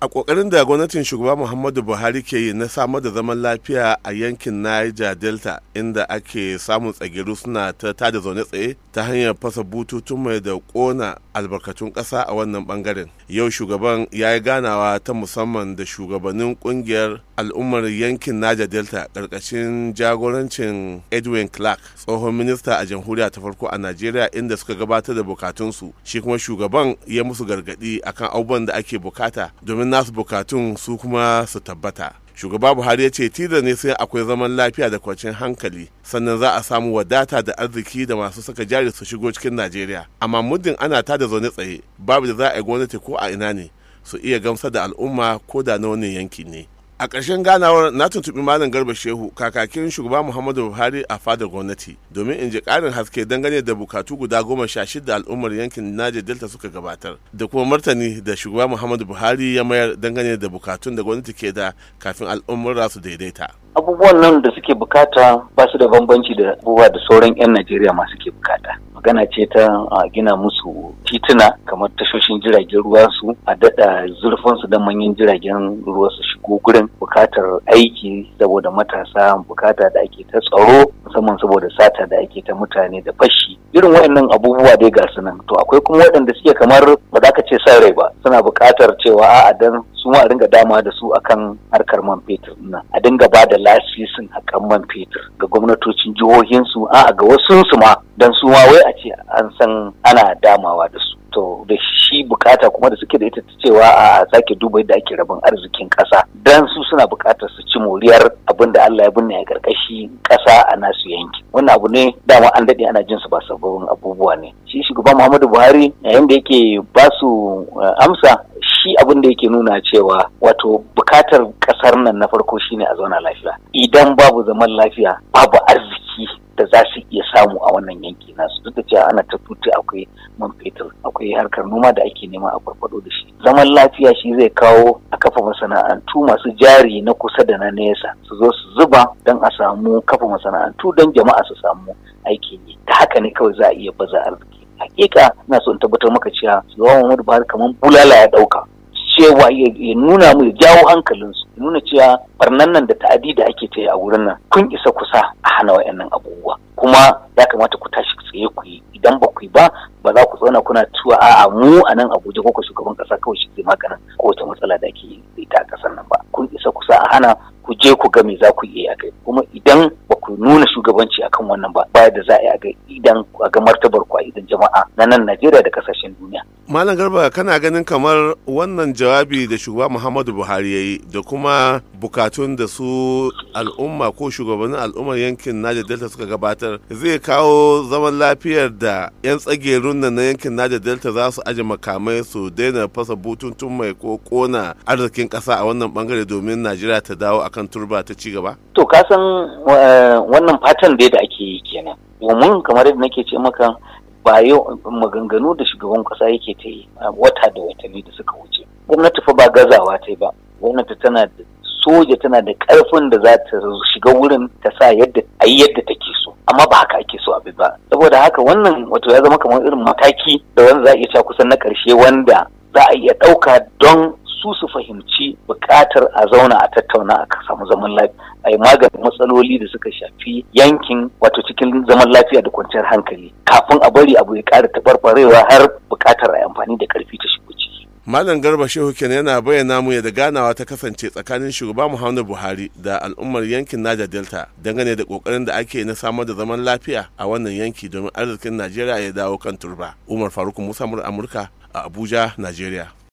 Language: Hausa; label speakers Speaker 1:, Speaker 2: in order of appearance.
Speaker 1: a kokarin da gwamnatin shugaba muhammadu buhari ke yi na samar da zaman lafiya a yankin niger delta inda ake samun tsagiru suna ta tada zaune tsaye ta hanyar fasa bututun mai da kona albarkatun ƙasa a wannan ɓangaren yau shugaban ya yi ganawa ta musamman da shugabannin ƙungiyar al'ummar yankin naja delta ƙarƙashin jagorancin edwin clark tsohon minista a jamhuriya ta farko a najeriya inda suka gabatar da bukatunsu shi kuma shugaban ya musu gargaɗi akan abubuwan da ake bukata domin nasu bukatun su kuma su tabbata shugaba buhari ya ce tilas ne sai akwai zaman lafiya da kwacin hankali sannan za a samu wadata da arziki da masu saka jari su shigo cikin najeriya amma muddin ana ta da zaune tsaye babu da za a yi gwamnati ko a ina ne su iya gamsar da al'umma ko da na wani yanki ne a ƙarshen ganawar na tuntuɓi malam garba shehu kakakin shugaba muhammadu buhari a fadar gwamnati domin in ji ƙarin haske dangane da bukatu guda goma sha shida al'ummar yankin naja delta suka gabatar da kuma martani da shugaba muhammadu buhari ya mayar dangane da bukatun da gwamnati ke da kafin al'ummar su daidaita
Speaker 2: abubuwan nan da suke bukata ba su da bambanci da abubuwa da sauran 'yan Najeriya masu ke bukata. Magana ce ta gina musu tituna kamar tashoshin jiragen ruwa su a daɗa zurfin su da manyan jiragen ruwa su shigo gurin bukatar aiki saboda matasa bukata da ake ta tsaro musamman saboda sata da ake ta mutane da fashi irin waɗannan abubuwa dai ga nan to akwai kuma waɗanda suke kamar aka ce sa rai ba suna buƙatar cewa a'a dan su ma a dinga dama da su akan harkar man fetur na a dinga ba da lasisin hakan man fetur ga gwamnatocin jihohinsu a'a ga wasu su ma dan su ma wai a ce an san ana damawa da su wato da shi bukata kuma da suke da ita cewa a sake duba yadda ake rabin arzikin kasa dan su suna bukatar su ci moriyar abin da Allah ya binne a karkashi kasa a nasu yanki wannan abu ne dama an dade ana jin su ba sababbin abubuwa ne shi shugaban Muhammadu Buhari yayin da yake ba su eh, amsa shi abin da yake nuna cewa wato bukatar kasar nan na farko shine a zauna lafiya idan babu zaman lafiya babu arziki da za su iya samu a wannan yanki nasu duk da cewa ana ta tuti akwai man fetur akwai harkar noma da ake nema a farfado da shi zaman lafiya shi zai kawo a kafa masana'antu masu jari na kusa da na nesa su zo su zuba don a samu kafa masana'antu don jama'a su samu aiki yi ta haka ne kawai za a iya baza arziki hakika ina so in tabbatar maka cewa shugaban Muhammadu Buhari kamar bulala ya dauka cewa ya nuna mu ya jawo hankalinsu ya nuna cewa barnan nan da ta'adi da ake ta a wurin nan kun isa kusa a hana wayannan abubuwa kuma ya kamata ku tashi tsaye ku yi idan ba ku yi ba ba za ku zauna kuna tuwa a mu a nan Abuja ko shugaban kasa kawai shi zai maganin kowace matsala da ake ita ta kasar nan ba kun isa kusa a hana ku je ku ga me za ku a kai kuma idan ba ku nuna shugabanci akan wannan ba ba da za a ga idan a ga martabar ku a idan jama'a na nan Najeriya da kasashen duniya
Speaker 1: malam garba kana ganin kamar wannan jawabi da shugaba muhammadu buhari ya yi da kuma bukatun da su al'umma ko shugabannin al'ummar yankin naja delta suka gabatar zai kawo zaman lafiyar da 'yan tsagerun nan na yankin naja delta za su aje makamai su daina fasa bututun mai ko kona arzikin kasa a wannan bangare domin najeriya ta dawo akan turba ta ci gaba
Speaker 2: to san eh, wannan fatan da ake yi kenan domin kamar yadda nake ce maka ba yau maganganu da shugaban kasa yake ta yi wata da watanni da suka wuce gwamnati fa ba gazawa ta yi ba gwamnati tana da soja tana da karfin da za ta shiga wurin ta sa yadda a yi yadda take so amma ba haka ake so abi ba saboda haka wannan wato ya zama kamar irin mataki da wanda za a iya cakusan na karshe wanda za a iya ɗauka don su su fahimci buƙatar a zauna a tattauna a samu zaman lafiya a yi maganin matsaloli da suka shafi yankin wato cikin zaman lafiya da kwanciyar hankali kafin a bari abu ya ƙara taɓarɓarewa har buƙatar a amfani da ƙarfi ta shigo
Speaker 1: ciki. Malam Garba Shehu kenan yana bayyana mu yadda ganawa ta kasance tsakanin shugaba Muhammadu Buhari da al'ummar yankin Naja Delta dangane da kokarin da ake na samar da zaman lafiya a wannan yanki domin arzikin Najeriya ya dawo kan turba. Umar Faruk Musa Amurka a Abuja, Najeriya.